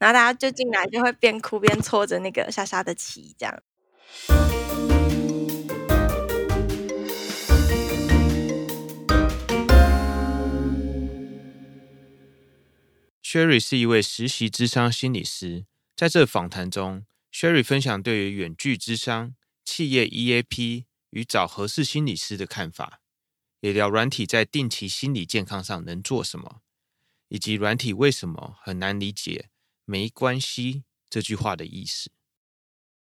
然後大家就進來，就會邊哭邊搓着那個莎莎的棋，這樣。Sherry 是一位實習諮商心理師，在這訪談中，Sherry 分享對於遠距諮商、企業 EAP 與找合適心理師的看法，也聊軟體在定期心理健康上能做什麼，以及軟體為什麼很難理解。沒關係，這句話的意思。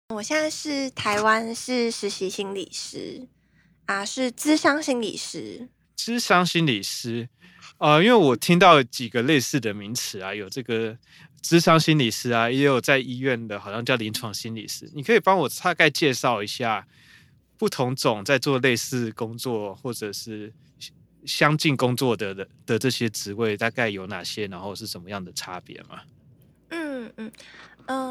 我現在是台灣，是實習心理師啊，是諮商心理師。諮商心理師，啊、呃，因為我聽到幾個類似的名詞啊，有這個諮商心理師啊，也有在醫院的，好像叫臨床心理師。你可以幫我大概介紹一下，不同種在做類似工作或者是相近工作的的的這些職位大概有哪些，然後是什麼樣的差別嗎？嗯嗯，嗯，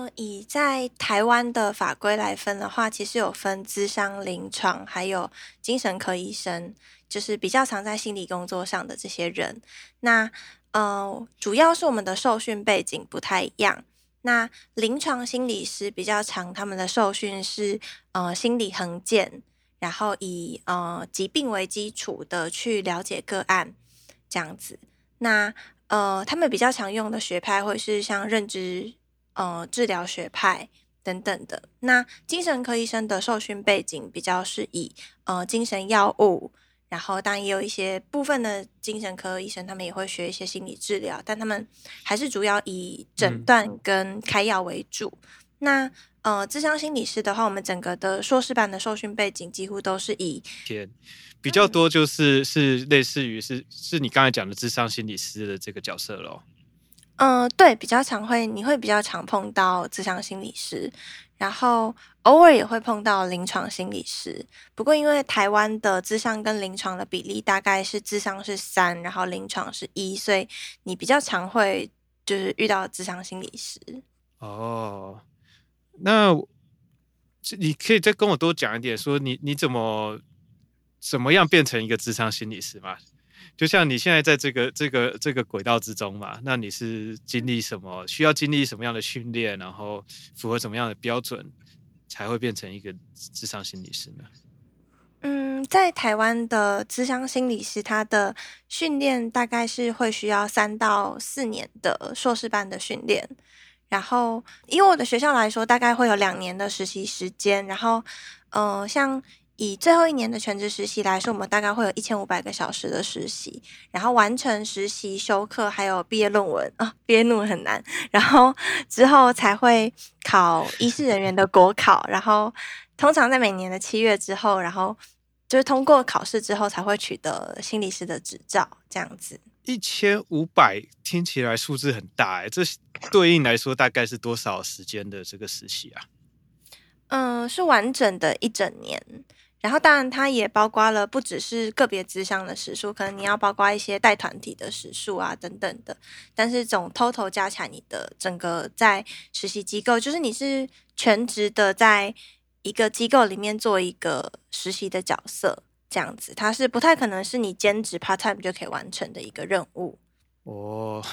呃，以在台灣的法規來分的話，其實有分諮商、臨床，還有精神科醫生，就是比較常在心理工作上的這些人。那，呃，主要是我們的受訓背景不太一樣。那臨床心理師比較常他們的受訓是，呃，心理衡鑑，然後以呃疾病為基礎的去了解個案這樣子。那呃，他們比較常用的學派會是像認知呃治療學派等等的。那精神科醫生的受訓背景比較是以呃精神藥物，然後當然也有一些部分的精神科醫生他們也會學一些心理治療，但他們還是主要以診斷跟開藥為主。那呃，諮商心理師的話，我們整個的碩士班的受訓背景幾乎都是以天比較多，就是、嗯、是類似於是是你剛才講的諮商心理師的這個角色咯。嗯、呃，對，比較常會你會比較常碰到諮商心理師，然後偶爾也會碰到臨床心理師。不過因為台灣的諮商跟臨床的比例大概是諮商是三，然後臨床是一，所以你比較常會就是遇到諮商心理師哦。那，你可以再跟我多講一點，說你你怎麼怎麼樣變成一個諮商心理師嘛？就像你現在在這個這個這個軌道之中嘛，那你是經歷什麼？需要經歷什麼樣的訓練？然後符合什麼樣的標準，才會變成一個諮商心理師呢？嗯，在台灣的諮商心理師，他的訓練大概是會需要三到四年的碩士班的訓練。然後，以我的學校來說，大概會有兩年的實習時間。然後，嗯、呃，像以最後一年的全職實習來說，我們大概會有一千五百個小時的實習，然後完成實習修課，還有畢業論文啊、哦，畢業論文很難。然後之後才會考醫事人員的國考，然後通常在每年的七月之後，然後就是通過考試之後，才會取得心理師的執照，這樣子。一千五百聽起來數字很大哎、欸，這對應來說大概是多少時間的這個實習啊？嗯、呃，是完整的一整年，然後當然它也包括了不只是個別諮商的時數，可能你要包括一些帶團體的時數啊等等的，但是總 total 加起來你的整個在實習機構，就是你是全職的，在一個機構裡面做一個實習的角色。這樣子，它是不太可能是你兼職 part time 就可以完成的一個任務。哦，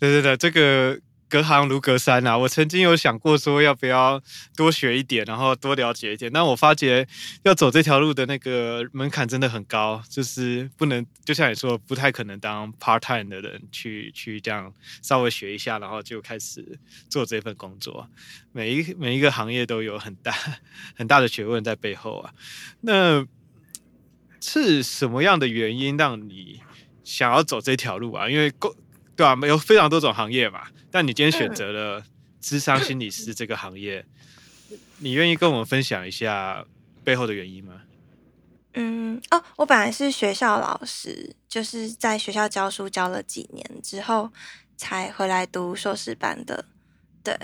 對對對，這個隔行如隔山啊！我曾經有想過說，要不要多學一點，然後多了解一點。但我發覺要走這條路的那個門檻真的很高，就是不能就像你說，不太可能當 part time 的人去去這樣稍微學一下，然後就開始做這份工作。每一每一個行業都有很大很大的學問在背後啊，那。是什麼樣的原因讓你想要走這條路啊？因為夠，對啊，有非常多種行業嘛，但你今天選擇了諮商心理師這個行業，嗯、你願意跟我們分享一下背後的原因嗎？嗯，哦，我本來是學校老師，就是在學校教書教了幾年之後才回來讀碩士班的，對，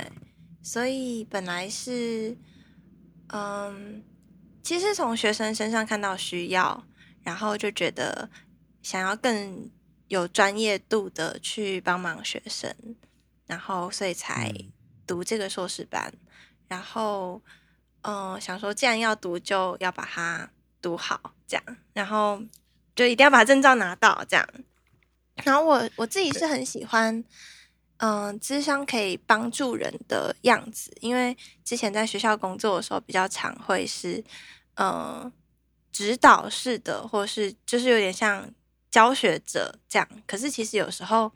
所以本來是，嗯，其實從學生身上看到需要。然後就覺得想要更有專業度的去幫忙學生，然後所以才讀這個碩士班。然後，嗯、呃，想說既然要讀，就要把它讀好，這樣。然後就一定要把證照拿到，這樣。然後我我自己是很喜歡，嗯、呃，諮商可以幫助人的樣子，因為之前在學校工作的時候，比較常會是，嗯、呃。指導式的，或是就是有點像教學者這樣，可是其實有時候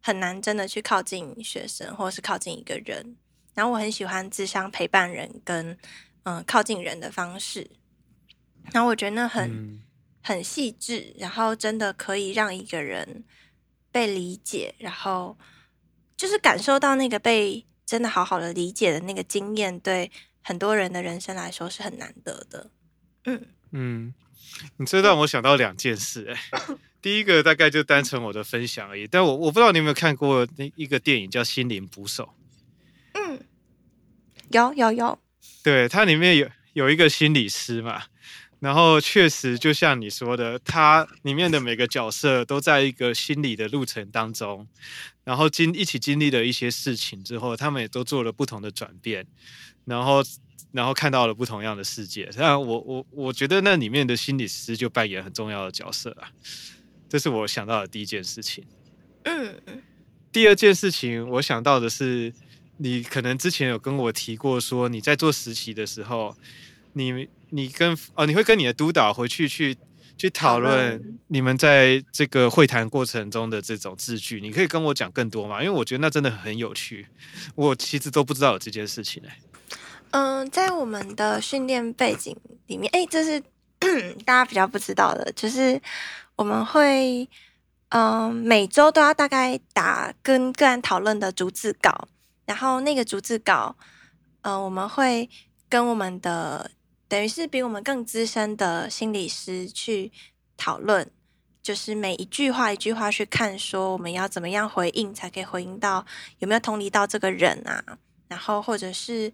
很難真的去靠近學生，或是靠近一個人。然後我很喜歡諮商、陪伴人跟嗯、呃、靠近人的方式，然後我覺得那很、嗯、很細緻，然後真的可以讓一個人被理解，然後就是感受到那個被真的好好的理解的那個經驗，對很多人的人生來說是很難得的。嗯。嗯，你這讓我想到兩件事，欸，第一個大概就單純我的分享而已，但我我不知道你有沒有看過那一個電影叫《心靈捕手》。嗯，有有有。有對，它裡面有有一個心理師嘛，然後確實就像你說的，它裡面的每個角色都在一個心理的路程當中，然後經一起經歷了一些事情之後，他們也都做了不同的轉變，然後。然後看到了不同樣的世界，那我我我覺得那裡面的心理師就扮演很重要的角色了，這是我想到的第一件事情。嗯， 第二件事情我想到的是，你可能之前有跟我提過說，說你在做實習的時候，你你跟啊、哦，你會跟你的督導回去去去討論你們在這個會談過程中的這種字句，你可以跟我講更多嗎？因為我覺得那真的很有趣，我其實都不知道有這件事情哎、欸。嗯、呃，在我們的訓練背景裡面，誒、欸、這是大家比較不知道的，就是我們會嗯、呃、每週都要大概打跟個案討論的逐字稿，然後那個逐字稿，嗯、呃，我們會跟我們的等於是比我們更資深的心理師去討論，就是每一句話一句話去看，說我們要怎麼樣回應，才可以回應到有沒有同理到這個人啊，然後或者是。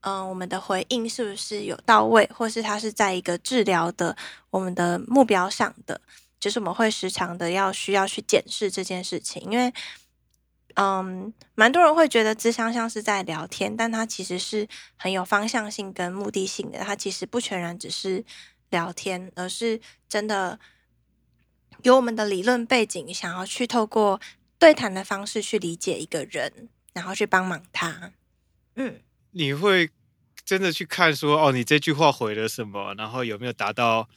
嗯，我們的回應是不是有到位，或是他是在一個治療的我們的目標上的？就是我們會時常的要需要去檢視這件事情，因為嗯，蠻多人會覺得諮商像是在聊天，但他其實是很有方向性跟目的性的。他其實不全然只是聊天，而是真的有我們的理論背景，想要去透過對談的方式去理解一個人，然後去幫忙他。嗯。你會真的去看說哦，你這句話回了什麼，然後有沒有達到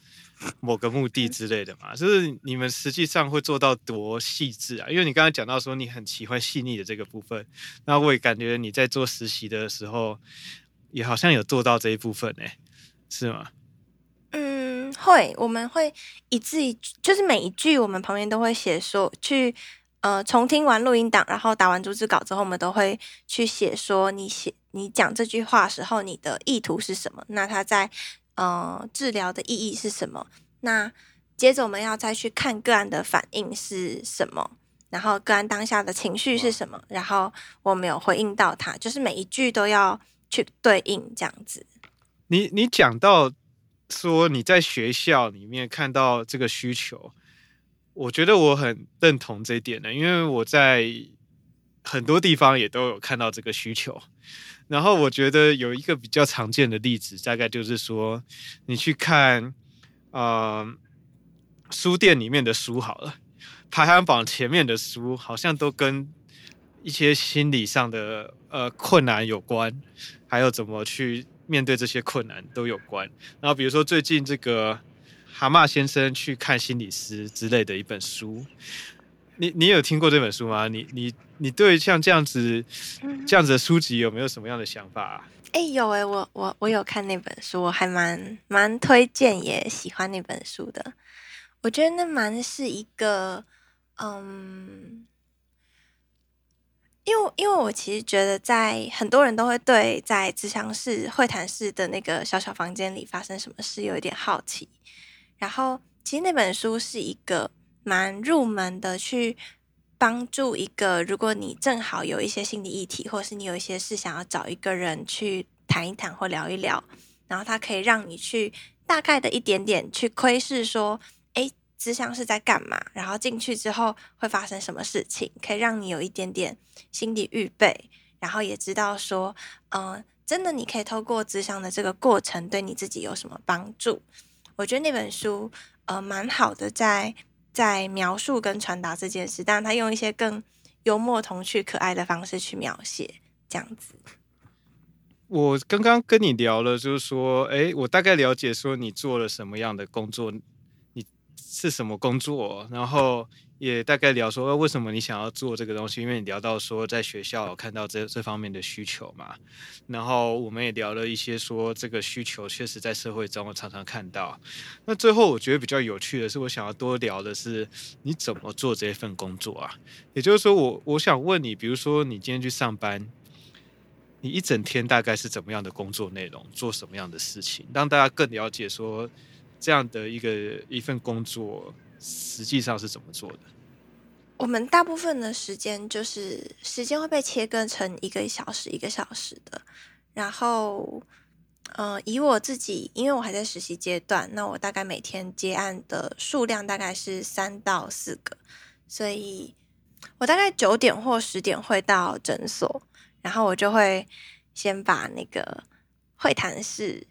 某個目的之類的嗎？就是你們實際上會做到多細緻啊？因為你剛剛講到說你很喜歡細膩的這個部分，那我也感覺你在做實習的時候，也好像有做到這一部分呢，欸，是嗎？嗯，會，我們會一字一句，就是每一句我們旁邊都會寫說去。呃，從聽完錄音檔，然後打完逐字稿之後，我們都會去寫說，你寫你講這句話時候，你的意圖是什麼？那他在呃治療的意義是什麼？那接着我們要再去看個案的反應是什麼？然後個案當下的情緒是什麼？哇然後我們有回應到他，就是每一句都要去對應這樣子。你你講到說你在學校裡面看到這個需求。我覺得我很認同這一點的，因為我在很多地方也都有看到這個需求。然後我覺得有一個比較常見的例子，大概就是說，你去看啊、呃，書店裡面的書好了，排行榜前面的書好像都跟一些心理上的呃困難有關，還有怎麼去面對這些困難都有關。然後比如說最近這個。蛤蟆先生去看心理師之類的一本書，你你有聽過這本書嗎？你你你對像這樣子這樣子的書籍有沒有什麼樣的想法、啊？哎、欸，有哎、欸，我我我有看那本書，我還蠻蠻推薦也喜歡那本書的。我覺得那蠻是一個嗯，因為因為我其實覺得在很多人都會對在諮商室、會談室的那個小小房間裡發生什麼事有一點好奇。然後，其實那本書是一個蠻入門的，去幫助一個，如果你正好有一些心理議題，或者是你有一些事想要找一個人去談一談或聊一聊，然後它可以讓你去大概的一點點去窺視說，哎，諮商是在幹嘛？然後進去之後會發生什麼事情？可以讓你有一點點心理預備，然後也知道說，嗯、呃，真的你可以透過諮商的這個過程，對你自己有什麼幫助？我覺得那本書呃蠻好的在，在在描述跟傳達這件事，但他用一些更幽默、童趣、可愛的方式去描寫，這樣子。我剛剛跟你聊了，就是說，哎、欸，我大概了解說你做了什麼樣的工作。是什麼工作？然後也大概聊說為什麼你想要做這個東西，因為你聊到說在學校看到這這方面的需求嘛。然後我們也聊了一些說這個需求確實在社會中我常常看到。那最後我覺得比較有趣的是，我想要多聊的是你怎麼做這份工作啊？也就是說我，我我想問你，比如說你今天去上班，你一整天大概是怎麼樣的工作內容，做什麼樣的事情，讓大家更了解說。這樣的一個一份工作，實際上是怎麼做的？我們大部分的時間就是時間會被切割成一個小時一個小時的，然後，嗯、呃，以我自己，因為我還在實習階段，那我大概每天接案的數量大概是三到四個，所以我大概九點或十點會到診所，然後我就會先把那個會談室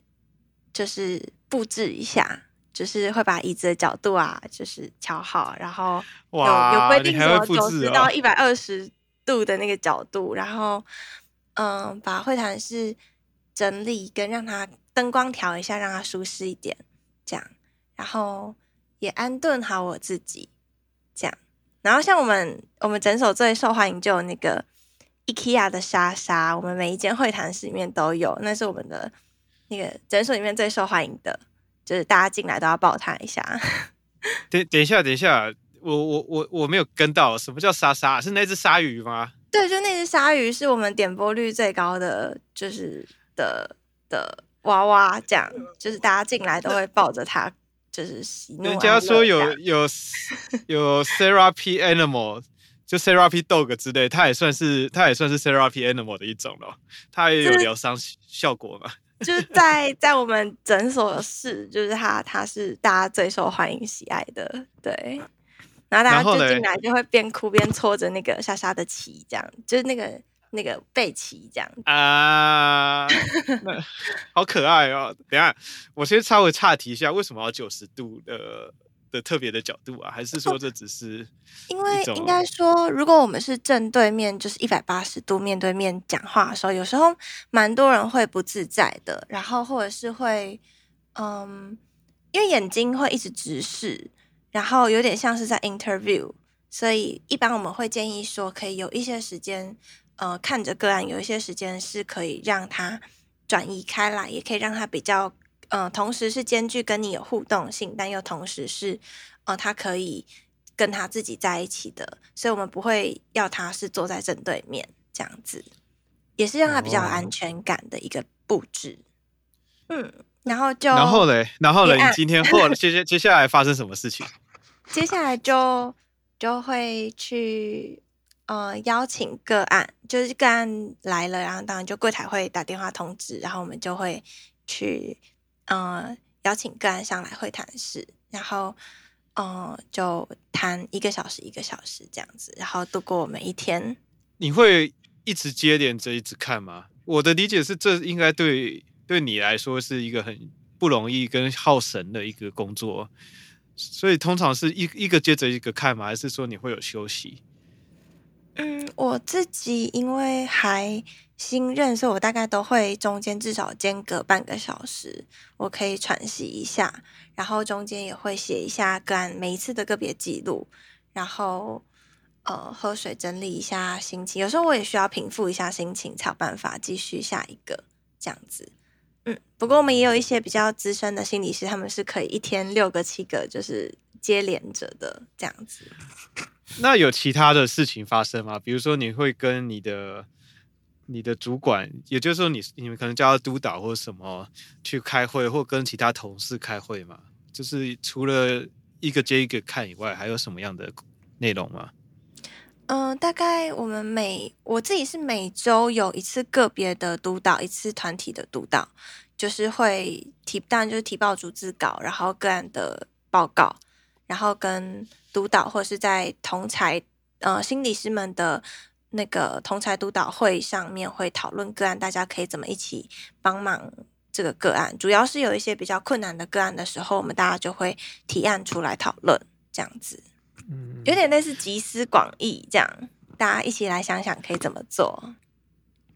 就是，佈置一下，就是會把椅子的角度啊，就是調好，然後有哇有規定什麼九十到一百二十度的那個角度，哦、然後嗯，把會談室整理跟讓它燈光調一下，讓它舒適一點，這樣，然後也安頓好我自己，這樣，然後像我們我們診所最受歡迎就有那個 IKEA 的莎莎，我們每一間會談室裡面都有，那是我們的。那個診所裡面最受歡迎的，就是大家進來都要抱他一下。等 等一下，等一下，我我我我沒有跟到，什麼叫莎莎？是那只鯊魚嗎？對，就那只鯊魚是我們點播率最高的，就是的的娃娃，這樣，就是大家進來都會抱着它，那就是喜怒。人家說有有有 therapy animal， 就 therapy dog 之類，它也算是它也算是 therapy animal 的一種嘍，它也有療傷效果嘛。就是 就是在在我們診所的室，就是他他是大家最受歡迎喜愛的，對。然後大家就進來就會邊哭邊搓着那個莎莎的鰭，這樣就是那個那個背鰭這樣。 啊，好可愛哦、喔！等下我先稍微岔題一下，為什麼要九十度的？的特別的角度啊，還是說這只是？因為應該說，如果我們是正對面，就是一百八十度面對面講話的時候，有時候蠻多人會不自在的，然後或者是會嗯，因為眼睛會一直直視，然後有點像是在 interview，所以一般我們會建議說，可以有一些時間，呃，看着個案，有一些時間是可以讓他轉移開來，也可以讓他比較。嗯、呃，同時是兼具跟你有互動性，但又同時是，呃，他可以跟他自己在一起的，所以我們不會要他是坐在正對面這樣子，也是讓他比較安全感的一個布置。哦、嗯，然後就然後呢，然後呢，今天或接接接下來發生什麼事情？接下來就就會去呃邀請個案，就是個案來了，然後當然就櫃台會打電話通知，然後我們就會去。嗯，邀請個案上來會談室，然後嗯，就談一個小時，一個小時這樣子，然後度過每一天。你會一直接連着一直看嗎？我的理解是，這應該對對你來說是一個很不容易跟耗神的一個工作，所以通常是一一個接着一個看嗎？還是說你會有休息？嗯，我自己因為還。新認識，所以我大概都會中間至少間隔半個小時，我可以喘息一下，然後中間也會寫一下個案每一次的個別記錄，然後呃喝水整理一下心情。有時候我也需要平復一下心情才有辦法繼續下一個這樣子。嗯，不過我們也有一些比較資深的心理師，他們是可以一天六個七個就是接連着的這樣子。那有其他的事情發生嗎？比如說你會跟你的？你的主管，也就是說你，你你們可能叫他督導或什麼去開會，或跟其他同事開會嘛？就是除了一個接一個看以外，還有什麼樣的內容嗎？嗯、呃，大概我們每我自己是每週有一次個別的督導，一次團體的督導，就是會提，當然就是提報組織稿，然後個案的報告，然後跟督導或是在同儕呃心理師們的。那個同儕督導會上面會討論個案，大家可以怎麼一起幫忙這個個案。主要是有一些比較困難的個案的時候，我們大家就會提案出來討論，這樣子，有點類似集思廣益，這樣、嗯、大家一起來想想可以怎麼做。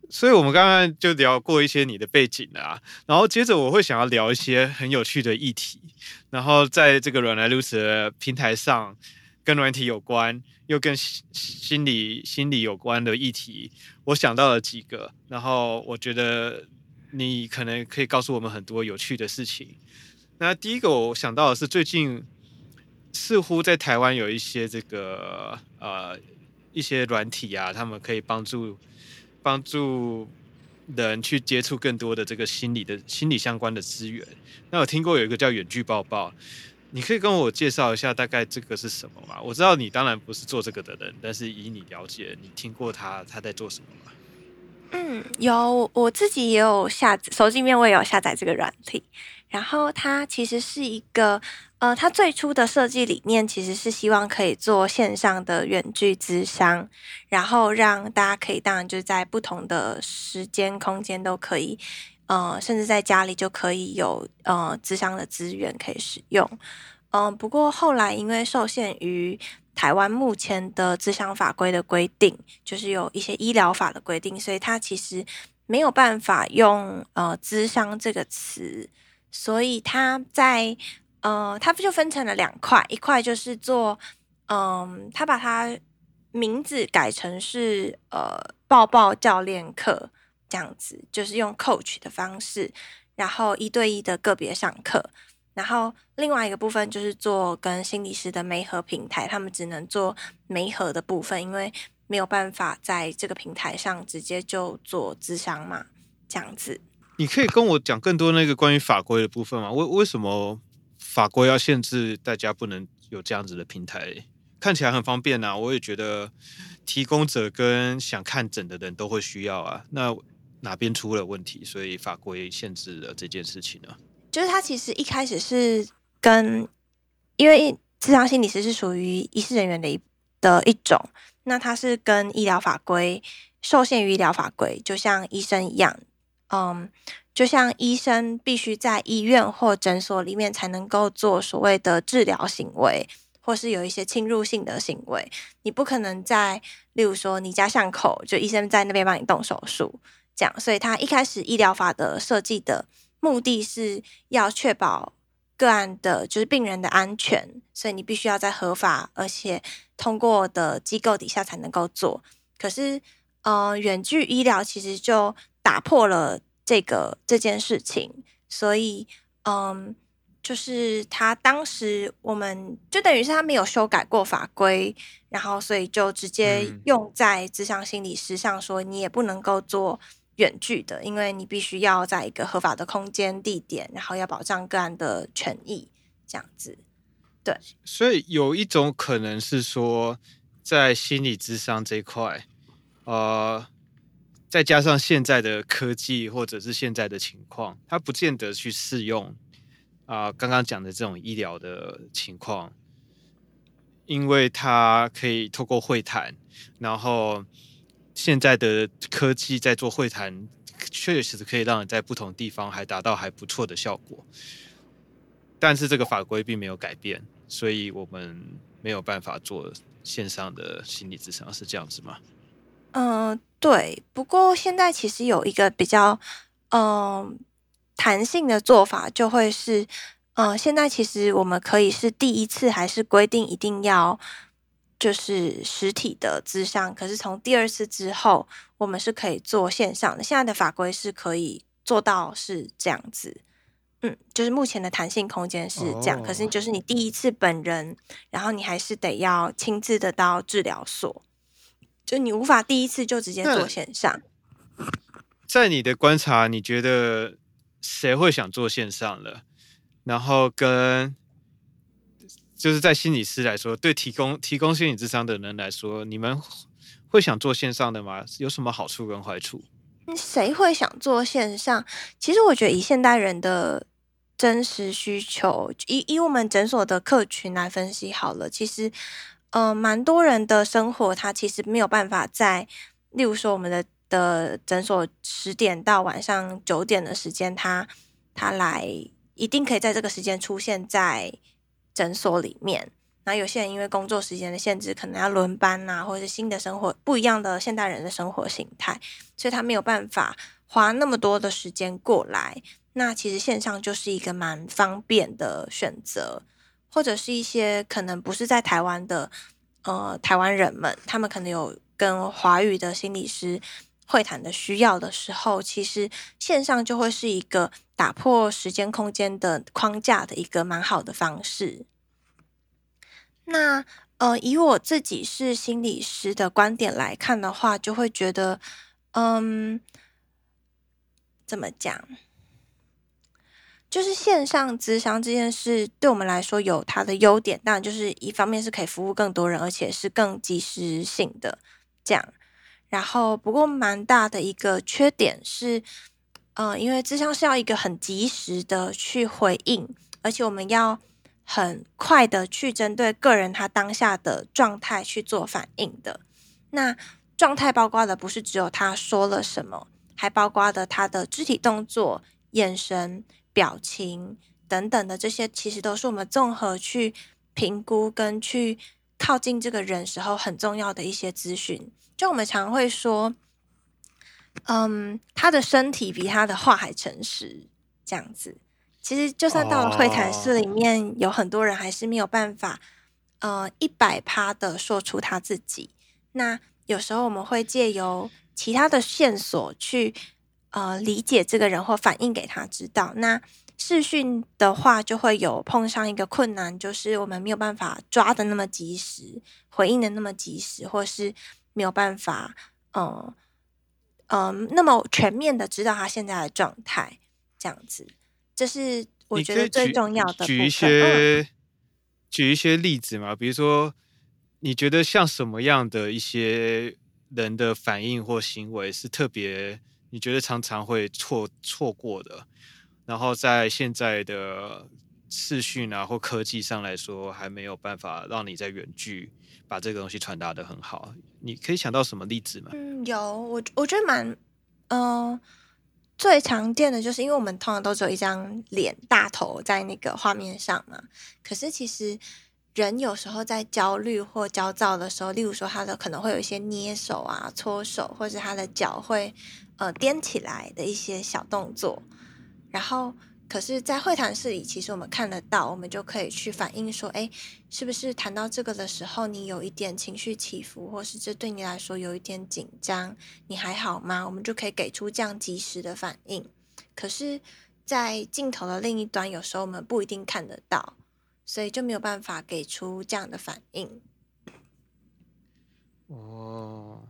所以我們剛剛就聊過一些你的背景啊，然後接着我會想要聊一些很有趣的議題，然後在這個軟來如此的平台上，跟軟體有關，又跟心理心理有關的議題，我想到了幾個。然後我覺得你可能可以告訴我們很多有趣的事情。那第一個我想到的是，最近似乎在台灣有一些這個呃一些軟體啊，他們可以幫助幫助人去接觸更多的這個心理的心理相關的資源。那我聽過有一個叫遠距抱抱。你可以跟我介紹一下大概這個是什麼嗎？我知道你當然不是做這個的人，但是以你了解，你聽過他他在做什麼嗎？嗯，有，我自己也有下載，手機裡面我也有下載這個軟體。然後它其實是一個，呃，它最初的設計理念其實是希望可以做線上的遠距諮商，然後讓大家可以當然就是在不同的時間空間都可以。呃，甚至在家裡就可以有呃諮商的資源可以使用。嗯、呃，不過後來因為受限於台灣目前的諮商法規的規定，就是有一些醫療法的規定，所以他其實沒有辦法用呃諮商這個詞。所以他在呃，他不就分成了兩塊，一塊就是做嗯、呃，他把他名字改成是呃抱抱教練課。這樣子就是用 coach 的方式，然後一對一的個別上課，然後另外一個部分就是做跟心理師的媒合平台，他們只能做媒合的部分，因為沒有辦法在這個平台上直接就做諮商嘛。這樣子，你可以跟我講更多那個關於法規的部分嗎？為為什麼法規要限制大家不能有這樣子的平台？看起來很方便啊，我也覺得提供者跟想看診的人都會需要啊。那哪邊出了問題？所以法規限制了這件事情呢、啊？就是他其實一開始是跟，因為諮商心理師是屬於醫事人員的一的一種，那他是跟醫療法規，受限於醫療法規，就像醫生一樣，嗯，就像醫生必須在醫院或診所裡面才能夠做所謂的治療行為，或是有一些侵入性的行為，你不可能在例如說你家巷口就醫生在那邊幫你動手術。講，所以他一開始醫療法的設計的目的是要確保個案的，就是病人的安全，所以你必須要在合法而且通過的機構底下才能夠做。可是，嗯、呃，遠距醫療其實就打破了這個這件事情，所以，嗯、呃，就是他當時我們就等於是他沒有修改過法規，然後所以就直接用在諮商心理師上，說你也不能夠做。遠距的，因為你必須要在一個合法的空間地點，然後要保障個案的權益，這樣子。對，所以有一種可能是說，在心理諮商這一塊，呃，再加上現在的科技或者是現在的情況，它不見得去適用啊剛剛講的這種醫療的情況，因為它可以透過會談，然後。現在的科技在做會談，確實可以讓你在不同地方還達到還不錯的效果。但是這個法規並沒有改變，所以我們沒有辦法做線上的心理諮商，是這樣子嗎？嗯、呃，對。不過現在其實有一個比較嗯、呃，彈性的做法，就會是嗯、呃，現在其實我們可以是第一次還是規定一定要。就是實體的諮商，可是從第二次之後，我們是可以做線上的。現在的法規是可以做到，是這樣子，嗯，就是目前的彈性空間是這樣。哦、可是就是你第一次本人，然後你還是得要親自的到治療所，就你無法第一次就直接做線上。嗯、在你的觀察，你覺得誰會想做線上了？然後跟。就是在心理師來說，對提供提供心理諮商的人來說，你們會想做線上的嗎？有什麼好處跟壞處？誰會想做線上？其實我覺得，以現代人的真實需求，以以我們診所的客群來分析好了。其實，呃，蠻多人的生活，他其實沒有辦法在，例如說我們的的診所十點到晚上九點的時間他，他他來一定可以在這個時間出現在。診所裡面，那有些人因為工作時間的限制，可能要輪班啊，或者是新的生活，不一樣的現代人的生活形態，所以他沒有辦法花那麼多的時間過來。那其實線上就是一個蠻方便的選擇，或者是一些可能不是在台灣的，呃，台灣人們，他們可能有跟華語的心理師。會談的需要的時候，其實線上就會是一個打破時間空間的框架的一個蠻好的方式。那呃，以我自己是心理師的觀點來看的話，就會覺得，嗯，怎麼講？就是線上諮商這件事，對我們來說有它的優點，但就是一方面是可以服務更多人，而且是更及時性的這樣。然後，不過蠻大的一個缺點是，呃，因為諮商是要一個很及時的去回應，而且我們要很快的去針對個人他當下的狀態去做反應的。那狀態包括的不是只有他說了什麼，還包括的他的肢體動作、眼神、表情等等的這些，其實都是我們綜合去評估跟去。靠近這個人時候很重要的一些資訊就我們常會說，嗯，他的身體比他的話還誠實這樣子。其實就算到了會談室裡面，oh. 有很多人還是沒有辦法，呃，一百趴的說出他自己。那有時候我們會借由其他的線索去，呃，理解這個人或反映給他知道。那視訊的話，就會有碰上一個困難，就是我們沒有辦法抓得那麼及時，回應得那麼及時，或是沒有辦法，嗯、呃、嗯、呃，那麼全面的知道他現在的狀態。這樣子，這是我覺得最重要的。舉舉一些舉一些例子嘛，比如說，你覺得像什麼樣的一些人的反應或行為是特別，你覺得常常會錯錯過的？然後在現在的視訊啊或科技上來說，還沒有辦法讓你在遠距把這個東西傳達得很好。你可以想到什麼例子嗎？嗯，有我我覺得蠻嗯、呃，最常見的就是因為我們通常都只有一張臉大頭在那個畫面上嘛、啊。可是其實人有時候在焦慮或焦躁的時候，例如說他的可能會有一些捏手啊、搓手，或是他的腳會呃踮起來的一些小動作。然後，可是，在會談室裡，其實我們看得到，我們就可以去反映說：“哎，是不是談到這個的時候，你有一點情緒起伏，或是這對你來說有一點緊張？你還好嗎？”我們就可以給出這樣即時的反應。可是，在鏡頭的另一端，有時候我們不一定看得到，所以就沒有辦法給出這樣的反應。哦，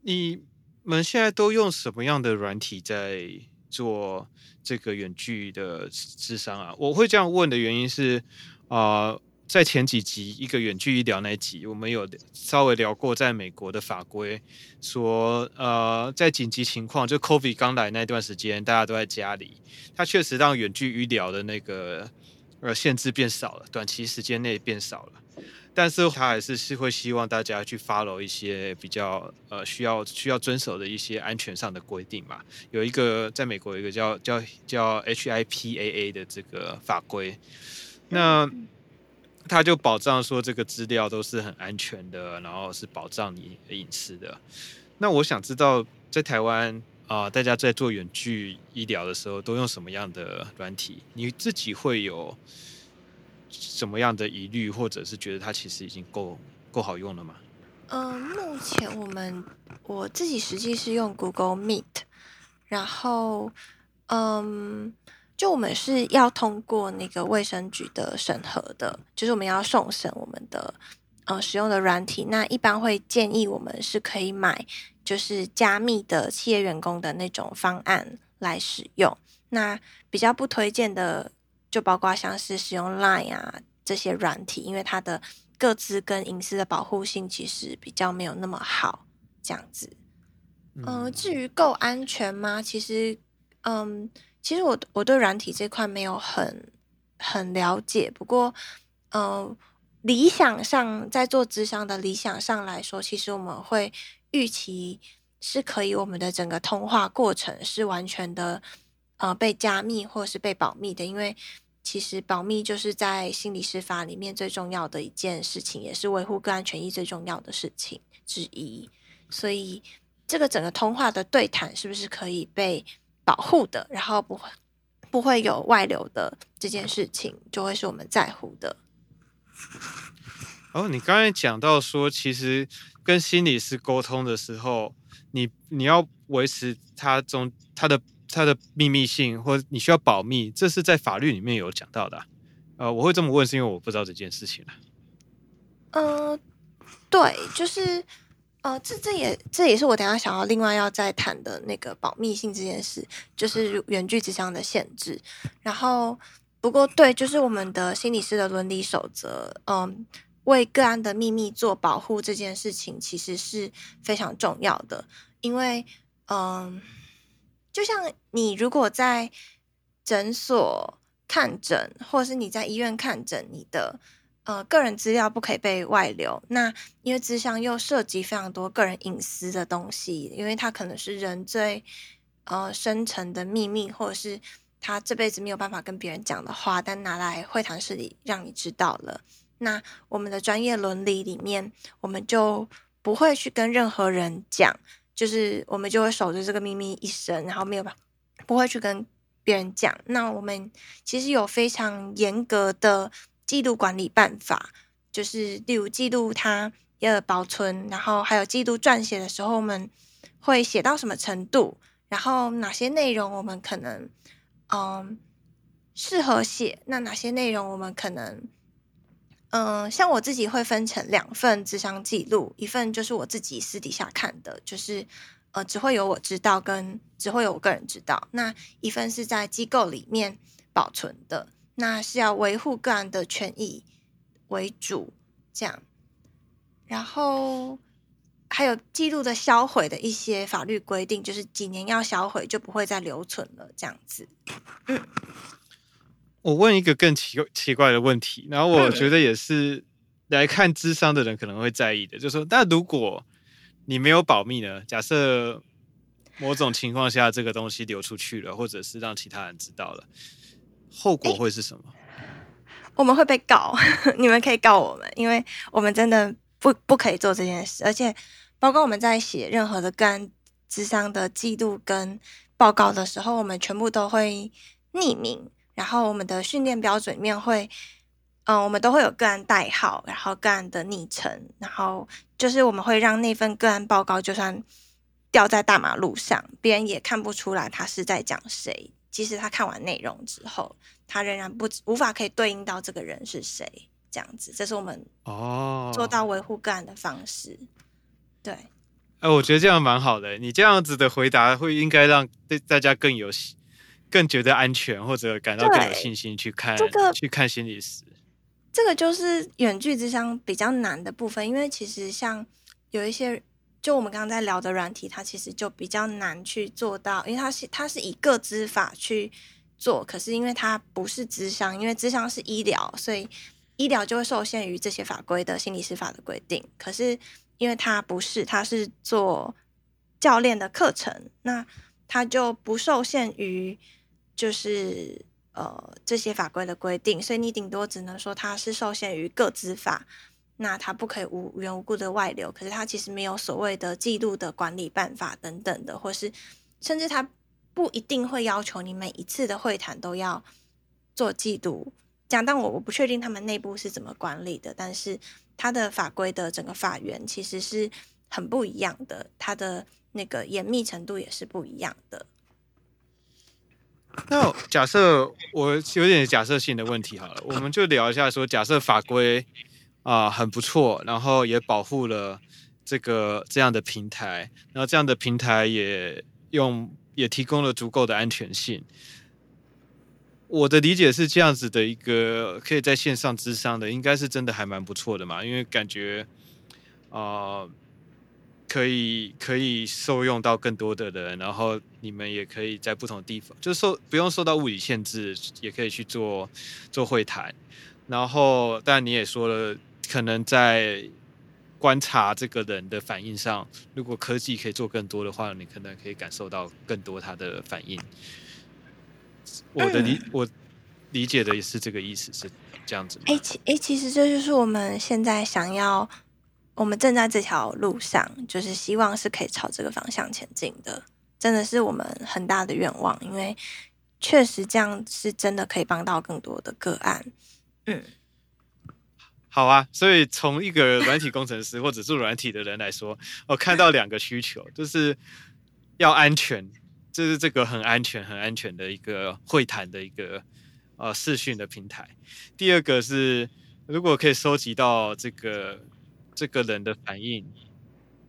你們現在都用什麼樣的軟體在？做這個遠距的諮商啊，我會這樣問的原因是，啊、呃，在前幾集一個遠距醫療那一集，我們有稍微聊過，在美國的法規，說呃，在緊急情況，就 COVID 剛來那段時間，大家都在家裡，它確實讓遠距醫療的那個呃限制變少了，短期時間內變少了。但是他還是是會希望大家去 follow 一些比較呃需要需要遵守的一些安全上的規定嘛。有一個在美國有一個叫叫叫 HIPAA 的這個法規，那他就保障說這個資料都是很安全的，然後是保障你隱私的。那我想知道在台灣啊、呃，大家在做遠距醫療的時候都用什麼樣的軟體？你自己會有？什麼樣的疑慮，或者是覺得它其實已經夠夠好用了嗎？嗯、呃，目前我們我自己實際是用 Google Meet，然後嗯、呃，就我們是要通過那個衛生局的審核的，就是我們要送審我們的呃使用的軟體，那一般會建議我們是可以買就是加密的企業員工的那種方案來使用，那比較不推薦的。就包括像是使用 Line 啊這些軟體，因為它的個資跟隱私的保護性其實比較沒有那麼好，這樣子。嗯，呃，至於夠安全嗎？其實，嗯，其實我我對軟體這塊沒有很很了解。不過，呃，理想上在做諮商的理想上來說，其實我們會預期是可以我們的整個通話過程是完全的呃被加密或者是被保密的，因為。其實保密就是在心理師法裡面最重要的一件事情，也是維護個案權益最重要的事情之一。所以，這個整個通話的對談是不是可以被保護的，然後不會不會有外流的這件事情，就會是我們在乎的。哦，你剛才講到說，其實跟心理師溝通的時候，你你要維持他中他的。他的祕密性，或你需要保密，這是在法律裡面有講到的啊。呃，我會這麼問，是因為我不知道這件事情了。呃，對，就是呃，這這也這也是我等下想要另外要再談的那個保密性這件事，就是遠距諮商上的限制。然後，不過對，就是我們的心理師的倫理守則，嗯、呃，為個案的祕密做保護這件事情，其實是非常重要的，因為嗯。呃就像你如果在診所看診，或者是你在醫院看診，你的呃個人資料不可以被外流。那因為諮商又涉及非常多個人隱私的東西，因為它可能是人最呃深層的秘密，或者是他這輩子沒有辦法跟別人講的話，但拿來會談室裡讓你知道了。那我們的專業倫理裡面，我們就不會去跟任何人講。就是我們就會守着這個秘密一生，然後沒有吧，不會去跟別人講。那我們其實有非常嚴格的記錄管理辦法，就是例如記錄它要保存，然後還有記錄撰寫的時候，我們會寫到什麼程度，然後哪些內容我們可能嗯、呃、適合寫，那哪些內容我們可能。嗯、呃，像我自己會分成兩份諮商記錄，一份就是我自己私底下看的，就是呃，只會有我知道跟只會有我個人知道。那一份是在機構裡面保存的，那是要維護個人的權益為主，這樣。然後還有記錄的銷毀的一些法律規定，就是幾年要銷毀就不會再留存了，這樣子。嗯。我問一個更奇怪奇怪的問題，然後我覺得也是來看諮商的人可能會在意的，嗯、就是說，那如果你沒有保密呢？假設某種情況下這個東西流出去了，或者是讓其他人知道了，後果會是什麼？我們會被告，你們可以告我們，因為我們真的不不可以做這件事，而且包括我們在寫任何的個人諮商的記錄跟報告的時候，我們全部都會匿名。然後我們的訓練標準裡面會，嗯、呃，我們都會有個案代號，然後個案的昵稱，然後就是我們會讓那份個案報告，就算掉在大馬路上，別人也看不出來他是在講誰。即使他看完內容之後，他仍然不無法可以對應到這個人是誰。這樣子，這是我們哦做到維護個案的方式。哦、對，哎、呃，我覺得這樣蠻好的。你這樣子的回答會應該讓對大家更有喜。更覺得安全或者感到更有信心對去看這個去看心理師，這個就是遠距諮商比較難的部分，因為其實像有一些就我們剛剛在聊的軟體，它其實就比較難去做到，因為它是它是以個資法去做，可是因為它不是諮商，因為諮商是醫療，所以醫療就會受限於這些法規的心理師法的規定，可是因為它不是，它是做教練的課程，那它就不受限於。就是呃這些法規的規定，所以你頂多只能說它是受限於個資法，那它不可以無緣無故的外流。可是它其實沒有所謂的記錄的管理辦法等等的，或是甚至它不一定會要求你每一次的會談都要做記錄。講到我我不確定他們內部是怎麼管理的。但是它的法規的整個法源其實是很不一樣的，它的那個嚴密程度也是不一樣的。那假設我有點假設性的問題好了，我們就聊一下說假，假設法規啊很不錯，然後也保護了這個這樣的平台，然後這樣的平台也用也提供了足夠的安全性。我的理解是這樣子的一個可以在線上諮商的，應該是真的還蠻不錯的嘛，因為感覺啊。呃可以可以受用到更多的人，然後你們也可以在不同的地方，就受不用受到物理限制，也可以去做做會談。然後，但你也說了，可能在觀察這個人的反應上，如果科技可以做更多的話，你可能可以感受到更多他的反應。我的理、嗯、我理解的也是這個意思，是這樣子嗎？哎，其，哎，其實這就是我們現在想要。我們正在這條路上，就是希望是可以朝這個方向前進的，真的是我們很大的願望。因為確實這樣是真的可以幫到更多的個案。嗯，好啊。所以從一個軟體工程師或者做軟體的人來說，我、 哦、看到兩個需求，就是要安全，就是這個很安全、很安全的一個會談的一個呃視訊的平台。第二個是，如果可以收集到這個。這個人的反應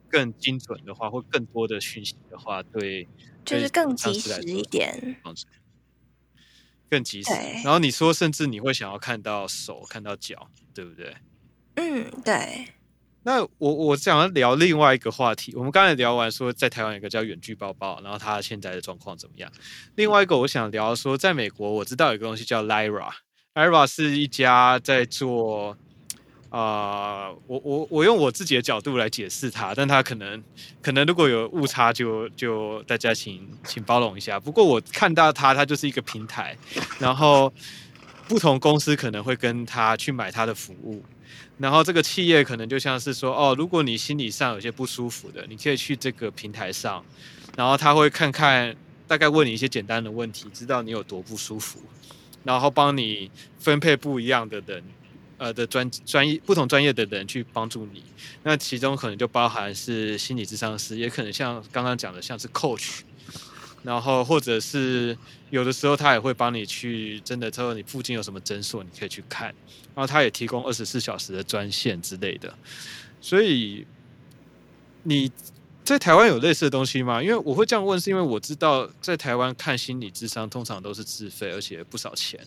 更精準的話，或更多的訊息的話，對，就是更及，更及時一點，更及時。對然後你說，甚至你會想要看到手，看到腳，對不對？嗯，對。那我我想要聊另外一個話題。我們剛才聊完說，在台灣有一個叫遠距抱抱，然後他現在的狀況怎麼樣？另外一個，我想聊說，在美國我知道有一個東西叫 Lyra，Lyra 是一家在做，啊、呃，我我我用我自己的角度來解釋它，但它可能可能如果有誤差就，就就大家請請包容一下。不過我看到它，它就是一個平台，然後不同公司可能會跟他去買他的服務，然後這個企業可能就像是說，哦，如果你心理上有些不舒服的，你可以去這個平台上，然後他會看看，大概問你一些簡單的問題，知道你有多不舒服，然後幫你分配不一樣的人。呃的專專業不同專業的人去幫助你，那其中可能就包含是心理諮商師，也可能像剛剛講的像是 coach，然後或者是有的時候他也會幫你去真的，他說你附近有什麼診所你可以去看，然後他也提供二十四小時的專線之類的。所以你在台灣有類似的東西嗎？因為我會這樣問，是因為我知道在台灣看心理諮商通常都是自費，而且不少錢。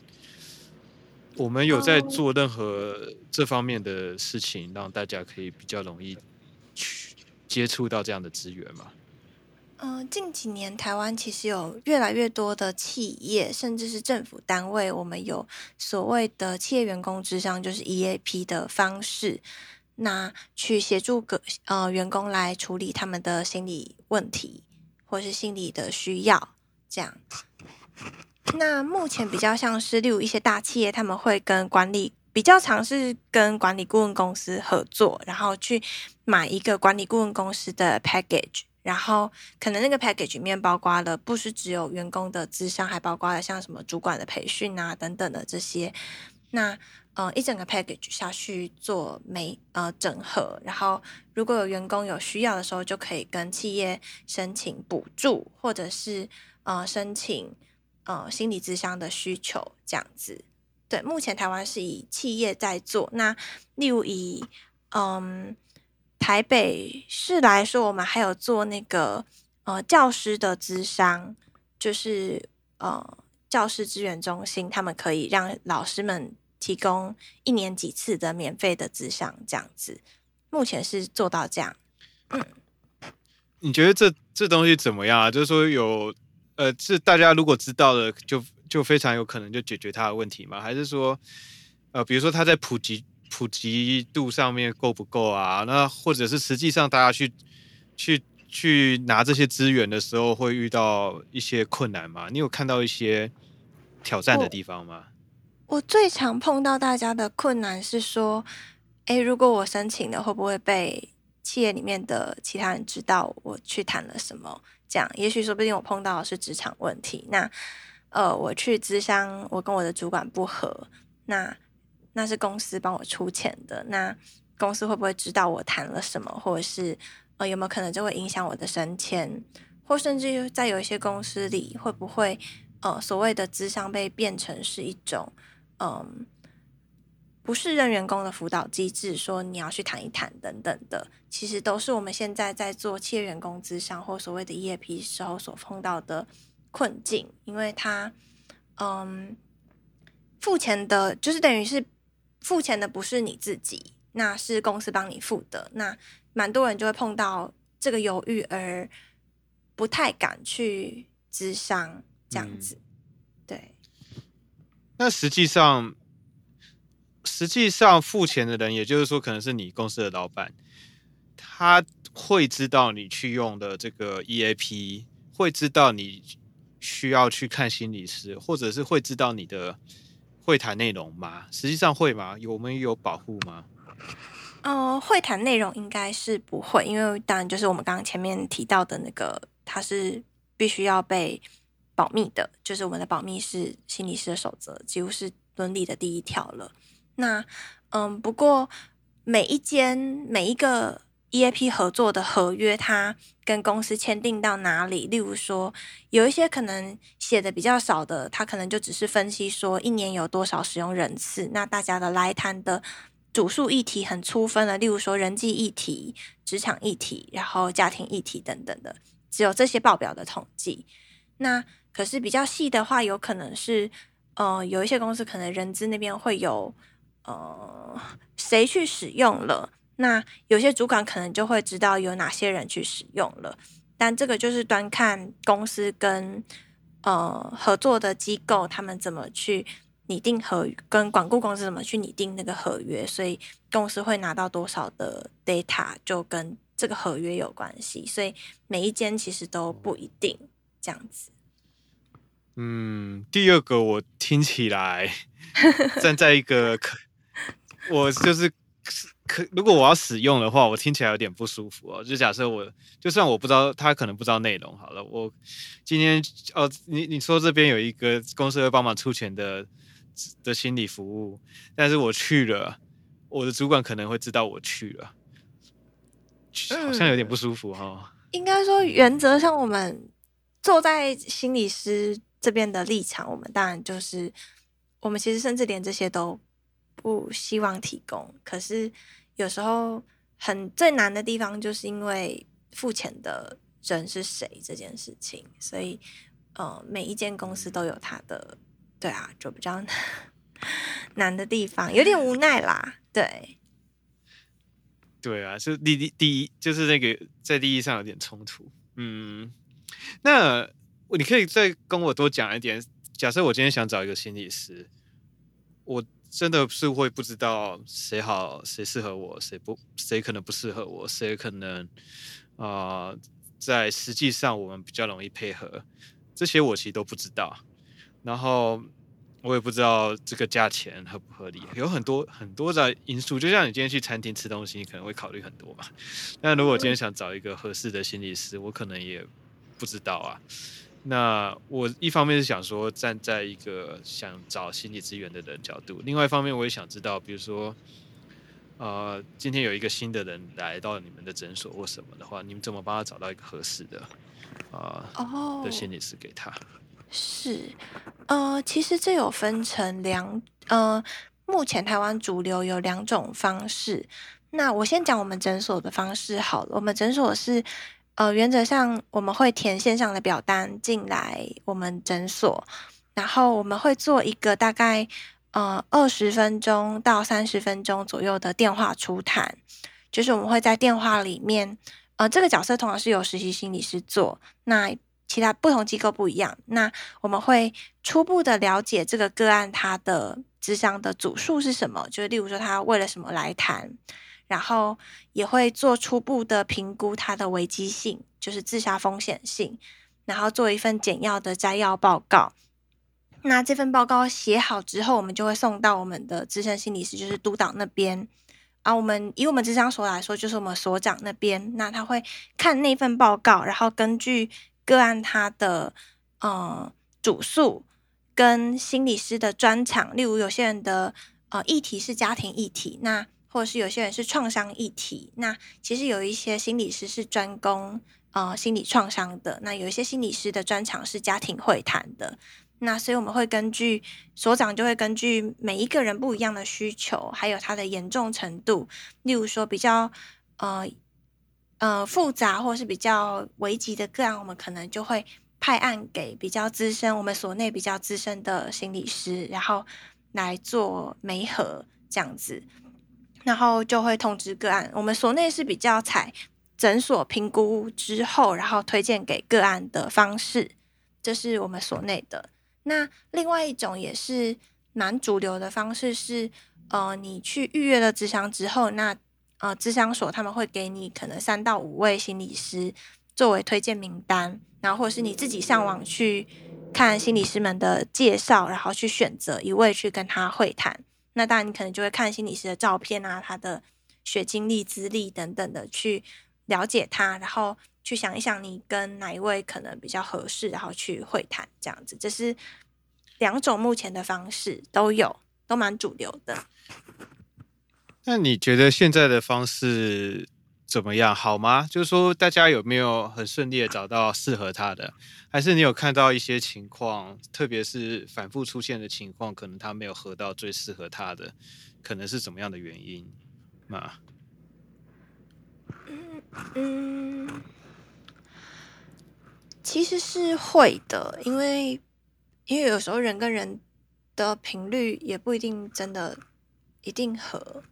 我們有在做任何這方面的事情，oh. 讓大家可以比較容易去接觸到這樣的資源嗎？嗯，近幾年台灣其實有越來越多的企業，甚至是政府單位，我們有所謂的企業員工諮商，就是 EAP 的方式，那去協助個呃員工來處理他們的心理問題或是心理的需要，這樣。那目前比較像是，例如一些大企業，他們會跟管理比較嘗試跟管理顧問公司合作，然後去買一個管理顧問公司的 package，然後可能那個 package 裡面包括了不是只有員工的諮商，還包括了像什麼主管的培訓啊等等的這些。那呃一整個 package 下去做每呃整合，然後如果有員工有需要的時候，就可以跟企業申請補助，或者是呃申請。呃，心理諮商的需求這樣子，對，目前台灣是以企業在做。那例如以嗯台北市來說，我們還有做那個呃教師的諮商，就是呃教師資源中心，他們可以讓老師們提供一年幾次的免費的諮商這樣子。目前是做到這樣。嗯。你覺得這這東西怎麼樣啊？就是說有。呃，是大家如果知道了，就就非常有可能就解決他的問題嗎？還是說，呃，比如說他在普及普及度上面夠不夠啊？那或者是實際上大家去去去拿這些資源的時候，會遇到一些困難嗎？你有看到一些挑戰的地方嗎？我，我最常碰到大家的困難是說，哎、欸，如果我申請了，會不會被企業裡面的其他人知道我去談了什麼？這樣也許說不定我碰到的是職場問題。那，呃，我去諮商，我跟我的主管不合，那，那是公司幫我出錢的。那公司會不會知道我談了什麼，或者是呃有沒有可能就會影響我的升遷？或甚至在有一些公司裡，會不會呃所謂的諮商被變成是一種嗯，呃不是適任員工的輔導機制，說你要去談一談等等的。其實都是我們現在在做企業員工諮商或所謂的 EAP 時候所碰到的困境，因為他，嗯，付錢的，就是等於是付錢的不是你自己，那是公司幫你付的，那蠻多人就會碰到這個猶豫而不太敢去諮商這樣子，嗯、對。那實際上。實際上付錢的人，也就是說，可能是你公司的老闆，他會知道你去用的這個 EAP，會知道你需要去看心理師，或者是會知道你的會談內容嗎？實際上會嗎？我們有保護嗎？呃，會談內容應該是不會，因為當然就是我們剛剛前面提到的那個，他是必須要被保密的，就是我們的保密是心理師的守則，幾乎是倫理的第一條了。那，嗯，不過每一間每一個 EAP 合作的合約，它跟公司簽訂到哪裡？例如說，有一些可能寫的比較少的，它可能就只是分析說一年有多少使用人次。那大家的來談的主訴議題很粗分的，例如說人際議題、職場議題，然後家庭議題等等的，只有這些報表的統計。那可是比較細的話，有可能是，嗯、呃，有一些公司可能人資那邊會有。呃，誰去使用了？那有些主管可能就會知道有哪些人去使用了。但這個就是端看公司跟呃合作的機構他們怎麼去擬定合，跟管顧公司怎麼去擬定那個合約，所以公司會拿到多少的 data 就跟這個合約有關係。所以每一間其實都不一定這樣子。嗯，第二個我聽起來站在一個可。 我就是可如果我要使用的話，我聽起來有點不舒服啊、哦。就假設我就算我不知道，他可能不知道內容。好了，我今天哦，你你說這邊有一個公司會幫忙出錢的的心理服務，但是我去了，我的主管可能會知道我去了，好像有點不舒服哈、哦嗯。應該說，原則上我們坐在心理師這邊的立場，我們當然就是我們其實甚至連這些都。不希望提供，可是有時候很最難的地方，就是因為付錢的人是誰這件事情，所以呃，每一間公司都有他的對啊，就比較難的地方，有點無奈啦。對，對啊，就是利益利就是那個在利益上有點衝突。嗯，那你可以再跟我多講一點。假設我今天想找一個心理師，我。真的是會不知道誰好，誰適合我，誰不，誰可能不適合我，誰可能啊、呃，在實際上我們比較容易配合，這些我其實都不知道。然後我也不知道這個價錢合不合理，有很多很多的因素。就像你今天去餐廳吃東西，你可能會考慮很多吧。但如果今天想找一個合適的心理師，我可能也不知道啊。那我一方面是想說，站在一個想找心理資源的人角度；另外一方面，我也想知道，比如說，啊，今天有一個新的人來到你們的診所或什麼的話，你們怎麼幫他找到一個合適的啊、呃、的心理師給他？Oh, 是，呃，其實這有分成兩，呃，目前台灣主流有兩種方式。那我先講我們診所的方式好了，我們診所是。呃，原則上我們會填線上的表單進來我們診所，然後我們會做一個大概呃二十分鐘到三十分鐘左右的電話初談，就是我們會在電話裡面，呃，這個角色通常是由實習心理師做，那其他不同機構不一樣，那我們會初步的了解這個個案他的諮商的主訴是什麼，就是例如說他為了什麼來談。然後也會做初步的評估，他的危機性就是自殺風險性，然後做一份簡要的摘要報告。那這份報告寫好之後，我們就會送到我們的資深心理師，就是督導那邊。啊，我們以我們諮商所來說，就是我們所長那邊。那他會看那份報告，然後根據個案他的呃主訴跟心理師的專長，例如有些人的呃議題是家庭議題，那，或是有些人是創傷議題，那其實有一些心理師是專攻呃心理創傷的，那有一些心理師的專長是家庭會談的，那所以我們會根據所長，就會根據每一個人不一樣的需求，還有他的嚴重程度，例如說比較呃呃複雜或是比較危急的個案，我們可能就會派案給比較資深，我們所內比較資深的心理師，然後來做媒合這樣子。然後就會通知個案。我們所內是比較採診所評估之後，然後推薦給個案的方式，這是我們所內的。那另外一種也是蠻主流的方式是，呃，你去預約了諮商之後，那呃，諮商所他們會給你可能三到五位心理師作為推薦名單，然後或是你自己上網去看心理師們的介紹，然後去選擇一位去跟他會談。那當然，你可能就會看心理師的照片啊，他的學經歷、資歷等等的去了解他，然後去想一想你跟哪一位可能比較合適，然後去會談這樣子。這是兩種目前的方式都有，都蠻主流的。那你覺得現在的方式？怎麼樣好嗎？就是說，大家有沒有很順利的找到適合他的？還是你有看到一些情況，特別是反覆出現的情況，可能他沒有合到最適合他的，可能是怎麼樣的原因？啊？嗯，嗯，其實是會的，因為因為有時候人跟人的頻率也不一定真的一定合。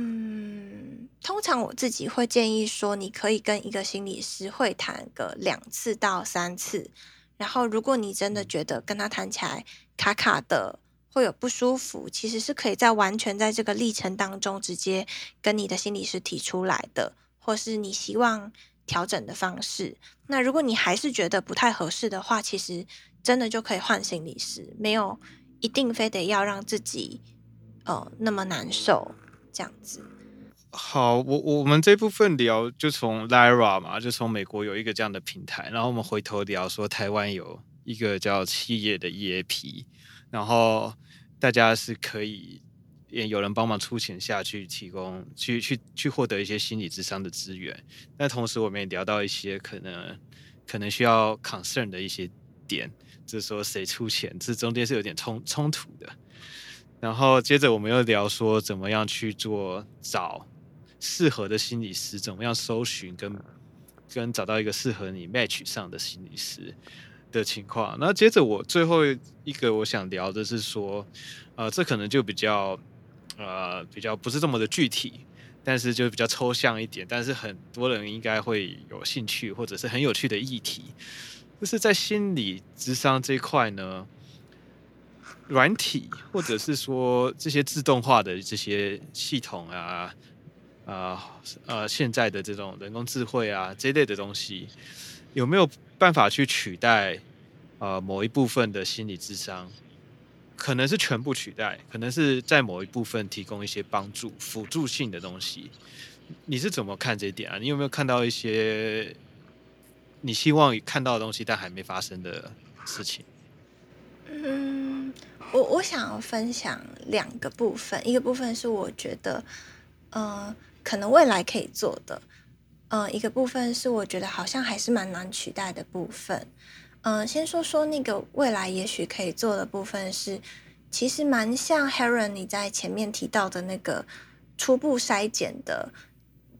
嗯，通常我自己會建議說，你可以跟一個心理師會談個兩次到三次，然後如果你真的覺得跟他談起來卡卡的，會有不舒服，其實是可以在完全在這個歷程當中，直接跟你的心理師提出來的，或是你希望調整的方式。那如果你還是覺得不太合適的話，其實真的就可以換心理師，沒有一定非得要讓自己呃那麼難受。這樣子，好，我我們這部分聊就從 Lyra 嘛，就從美國有一個這樣的平台，然後我們回頭聊說台灣有一個叫企業的 EAP，然後大家是可以也有人幫忙出錢下去提供，去去去獲得一些心理諮商的資源。那同時我們也聊到一些可能可能需要 concern 的一些點，就是說誰出錢，這中間是有點衝衝突的。然後接着我們又聊說怎麼樣去做找適合的心理師，怎麼樣搜尋跟跟找到一個適合你 match 上的心理師的情況。那接着我最後一個我想聊的是說，呃，這可能就比較呃比較不是這麼的具體，但是就比較抽象一點，但是很多人應該會有興趣或者是很有趣的議題，就是在心理諮商這一塊呢，軟體，或者是說這些自動化的這些系統啊，啊、呃呃，現在的這種人工智慧啊，這一類的東西，有沒有辦法去取代，啊、呃、某一部分的心理諮商，可能是全部取代，可能是在某一部分提供一些幫助、輔助性的東西。你是怎麼看這一點啊？你有沒有看到一些你希望看到的東西，但還沒發生的事情？我我想要分享兩個部分，一個部分是我覺得，嗯、呃，可能未來可以做的，嗯、呃，一個部分是我覺得好像還是蠻難取代的部分，嗯、呃，先說說那個未來也許可以做的部分是，其實蠻像 Heron 你在前面提到的那個初步篩檢的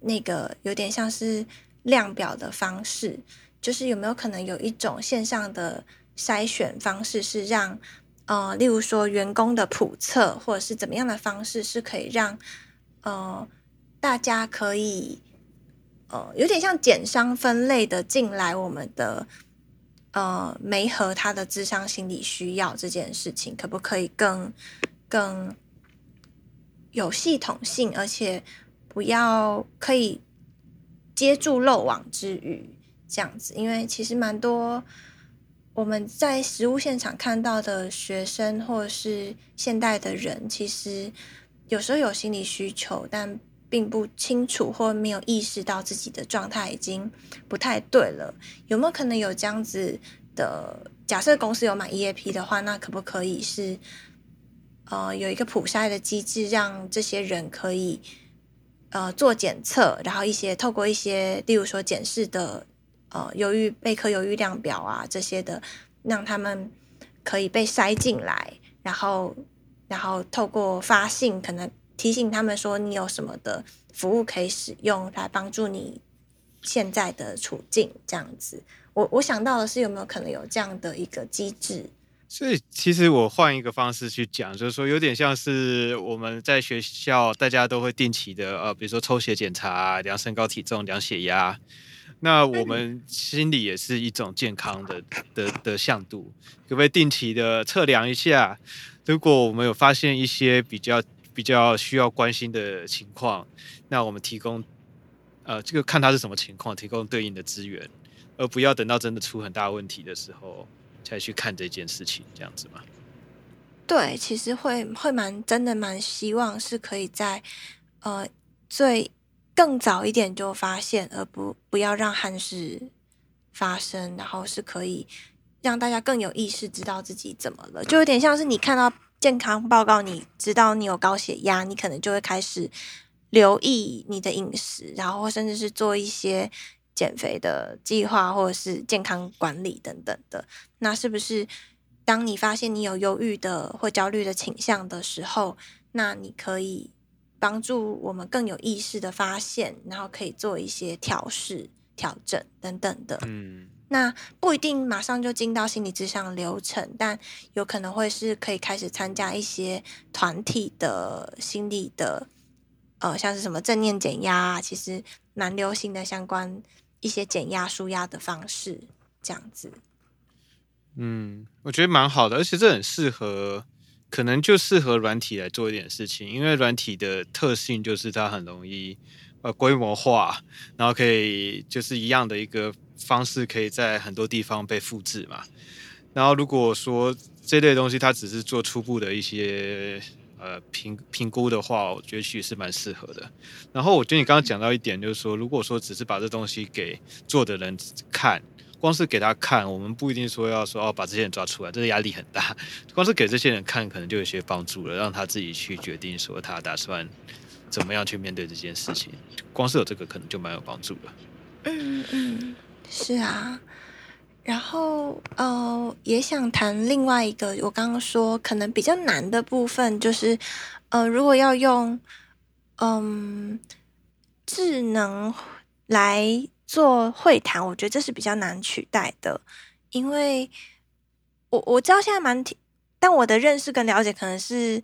那個有點像是量表的方式，就是有沒有可能有一種線上的篩選方式是讓，呃，例如說員工的普測，或者是怎麼樣的方式，是可以讓呃大家可以呃有點像檢傷分類的進來我們的呃媒合他的諮商心理需要這件事情，可不可以更更有系統性，而且不要可以接住漏網之魚這樣子？因為其實蠻多。我們在實務現場看到的學生，或是現代的人，其實有時候有心理需求，但並不清楚，或沒有意識到自己的狀態已經不太對了。有沒有可能有這樣子的，假設，公司有買 EAP 的話，那可不可以是呃有一個普篩的機制，讓這些人可以呃做檢測，然後一些透過一些，例如說檢視的。呃，憂鬱貝克憂鬱量表啊這些的，讓他們可以被塞進來，然後然後透過發信，可能提醒他們說，你有什麼的服務可以使用來幫助你現在的處境，這樣子。我我想到的是有沒有可能有這樣的一個機制？所以其實我換一個方式去講，就是說有點像是我們在學校，大家都會定期的呃，比如說抽血檢查、量身高體重、量血壓。 那我們心理也是一種健康的的的向度，可不可以定期的測量一下？如果我們有發現一些比較比較需要關心的情況，那我們提供，呃，這個看他是什麼情況，提供對應的資源，而不要等到真的出很大問題的時候才去看這件事情，這樣子嗎？對，其實會會蠻真的蠻希望是可以在呃最。更早一點就發現，而不不要讓憾事發生，然後是可以讓大家更有意識，知道自己怎麼了。就有點像是你看到健康報告，你知道你有高血壓，你可能就會開始留意你的飲食，然後甚至是做一些減肥的計劃或者是健康管理等等的。那是不是當你發現你有憂鬱的或焦慮的傾向的時候，那你可以？幫助我們更有意識的發現，然後可以做一些調試、調整等等的。嗯，那不一定馬上就進到心理治療流程，但有可能會是可以開始參加一些團體的心理的，呃，像是什麼正念減壓啊，其實蠻流行的，相關一些減壓、舒壓的方式這樣子。嗯，我覺得蠻好的，而且這很適合，可能就適合軟體來做一點事情，因為軟體的特性就是它很容易，呃，規模化，然後可以就是一樣的一個方式可以在很多地方被複製嘛。然後如果說這類東西它只是做初步的一些呃評評估的話，我覺得其實是蠻適合的。然後我覺得你剛剛講到一點，就是說如果說只是把這東西給做的人看。光是給他看，我們不一定說要說哦，把這些人抓出來，這個壓力很大。光是給這些人看，可能就有些幫助了，讓他自己去決定說他打算怎麼樣去面對這件事情。光是有這個，可能就蠻有幫助了。嗯嗯，是啊。然後呃，也想談另外一個，我剛剛說可能比較難的部分，就是呃，如果要用嗯、呃、智能來。做會談，我覺得這是比較難取代的，因為我我知道現在蠻，但我的認識跟了解可能是，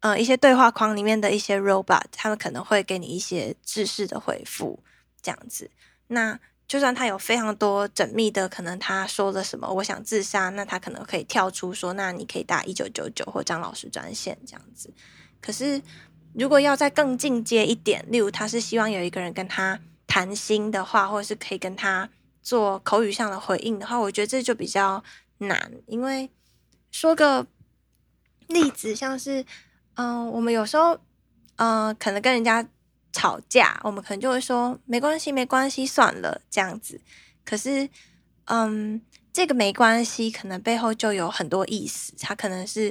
呃，一些對話框裡面的一些 robot，他們可能會給你一些制式的回復這樣子。那就算他有非常多縝密的，可能他說了什麼，我想自殺，那他可能可以跳出說，那你可以打一九九九或張老師專線這樣子。可是如果要再更進階一點，例如他是希望有一個人跟他。談心的話，或者是可以跟他做口語上的回應的話，我覺得這就比較難。因為說個例子，像是嗯、呃，我們有時候嗯、呃，可能跟人家吵架，我們可能就會說“沒關係，沒關係，算了”這樣子。可是，嗯，這個“沒關係”可能背後就有很多意思，他可能是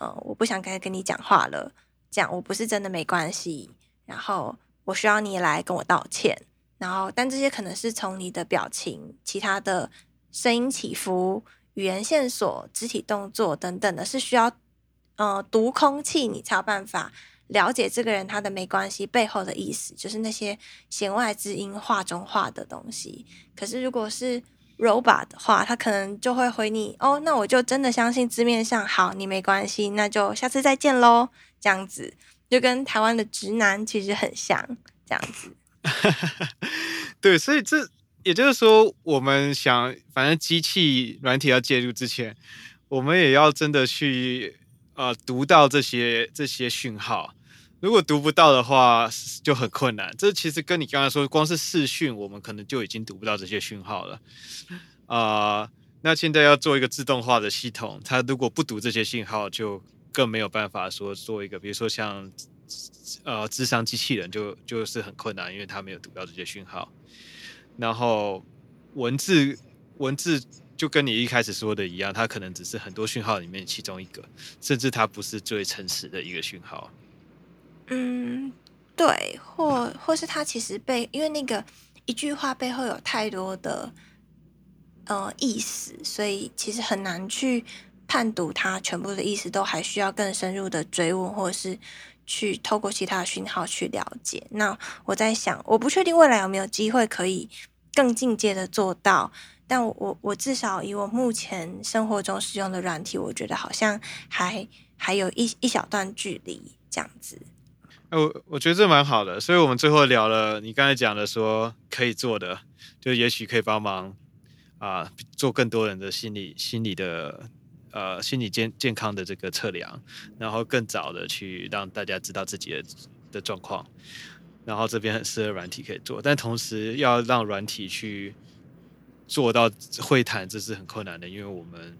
嗯、呃，我不想再跟你講話了，這樣我不是真的沒關係，然後。我需要你來跟我道歉，然後，但這些可能是從你的表情、其他的聲音起伏、語言線索、肢體動作等等的，是需要，呃，讀空氣你才有辦法了解這個人他的沒關係背後的意思，就是那些弦外之音、話中話的東西。可是如果是 robot 的話，他可能就會回你哦，那我就真的相信字面上，好，你沒關係，那就下次再見嘍，這樣子。就跟台灣的直男其實很像，這樣子。 對，所以這也就是說，我們想，反正機器軟體要介入之前，我們也要真的去呃讀到這些這些訊號。如果讀不到的話，就很困難。這其實跟你剛才說，光是視訊，我們可能就已經讀不到這些訊號了。啊，那現在要做一個自動化的系統，它如果不讀這些信號，就。更沒有辦法說做一個，比如說像呃諮商機器人就，就就是很困難，因為它沒有讀到這些訊號。然後文字文字就跟你一開始說的一樣，它可能只是很多訊號裡面其中一個，甚至它不是最誠實的一個訊號。嗯，對，或或是它其實被因為那個一句話背後有太多的呃意思，所以其實很難去。判讀它全部的意思，都還需要更深入的追問，或者是去透過其他的訊號去了解。那我在想，我不確定未來有沒有機會可以更進階的做到，但我我，我至少以我目前生活中使用的軟體，我覺得好像還還有一一小段距離這樣子。哎，我我覺得這蠻好的，所以我們最後聊了你剛才講的，說可以做的，就也許可以幫忙啊，呃，做更多人的心理心理的。呃，心理健健康的這個測量，然後更早的去讓大家知道自己的的狀況，然後這邊很適合軟體可以做，但同時要讓軟體去做到會談，這是很困難的，因為我們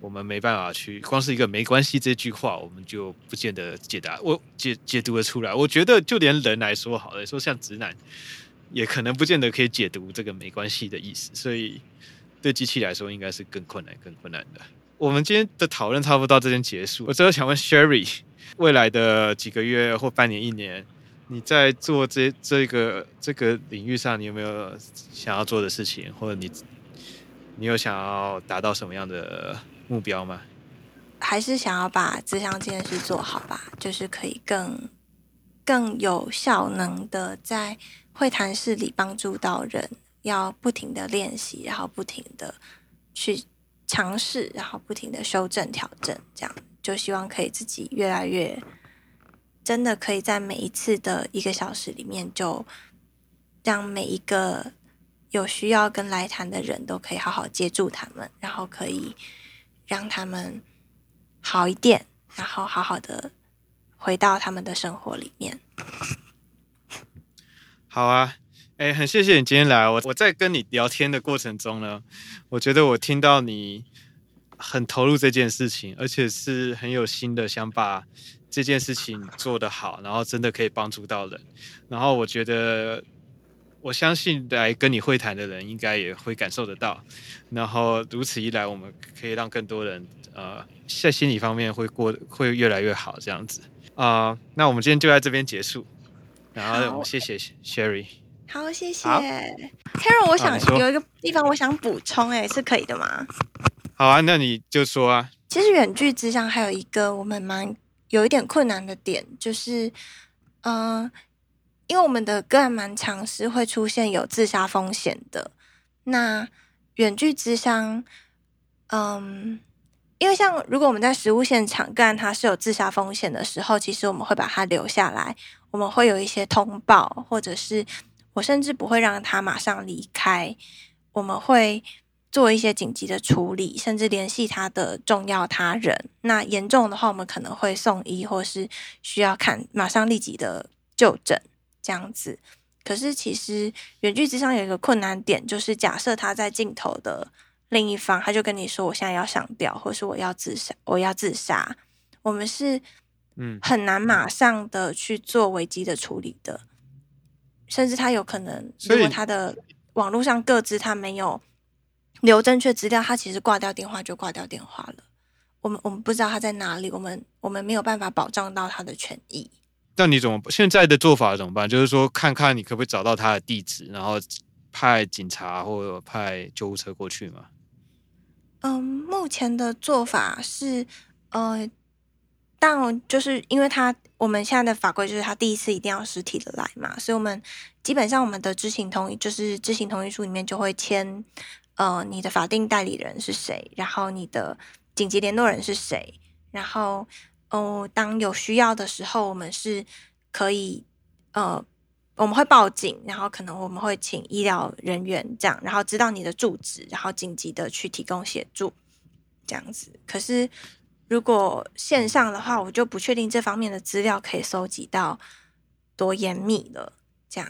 我們沒辦法去，光是一個沒關係這句話，我們就不見得解答，我解解讀得出來。我覺得就連人來說好了，說像直男，也可能不見得可以解讀這個沒關係的意思，所以對機器來說，應該是更困難、更困難的。我們今天的討論差不多到這邊結束。我最後想問 Sherry，未來的幾個月或半年、一年，你在做這這個這個領域上，你有沒有想要做的事情，或者你你有想要達到什麼樣的目標嗎？還是想要把諮商這件事做好吧，就是可以更更有效能的在會談室裡幫助到人。要不停的練習，然後不停的去。嘗試，然後不停的修正、調整，這樣就希望可以自己越來越，真的可以在每一次的一個小時裡面，就讓每一個有需要跟來談的人都可以好好接住他們，然後可以讓他們好一點，然後好好的回到他們的生活裡面。好啊。哎、欸，很謝謝你今天來。我我在跟你聊天的過程中呢，我覺得我聽到你很投入這件事情，而且是很有心的，想把這件事情做得好，然後真的可以幫助到人。然後我覺得，我相信來跟你會談的人，應該也會感受得到。然後如此一來，我們可以讓更多人，呃，在心理方面會過會越來越好，這樣子啊、呃。那我們今天就在這邊結束，然後好我們謝謝 Sherry。好，謝謝 Carol 我想有一個地方，我想補充、欸，哎好，是可以的嗎？好啊，那你就說啊。其實遠距諮商還有一個我們蠻有一點困難的點，就是，嗯、呃，因為我們的個案蠻常是會出現有自殺風險的。那遠距諮商嗯，因為像如果我們在實務現場個案它是有自殺風險的時候，其實我們會把它留下來，我們會有一些通報或者是。我甚至不會讓他馬上離開，我們會做一些緊急的處理，甚至聯繫他的重要他人。那嚴重的話，我們可能會送醫，或是需要看馬上立即的就診，這樣子。可是，其實遠距離上有一個困難點，就是假設他在鏡頭的另一方，他就跟你說：“我現在要上吊，或是我要自殺，我要自殺。”我們是很難馬上的去做危機的處理的。甚至他有可能，以如果他的網絡上個資，他沒有留正確資料，他其實掛掉電話就掛掉電話了。我們我們不知道他在哪裡，我們我們沒有辦法保障到他的權益。但你怎麼現在的做法怎麼辦？就是說，看看你可不可以找到他的地址，然後派警察或派救護車過去嘛？嗯，目前的做法是，呃。但就是因為他，我們現在的法規就是他第一次一定要實體的來嘛，所以我們基本上我們的知情同意就是知情同意書裡面就會簽，呃，你的法定代理人是誰，然後你的緊急聯絡人是誰，然後哦，當有需要的時候，我們是可以呃，我們會報警，然後可能我們會請醫療人員這樣，然後知道你的住址，然後緊急的去提供協助這樣子。可是。如果線上的話，我就不確定這方面的資料可以收集到多嚴密了，這樣。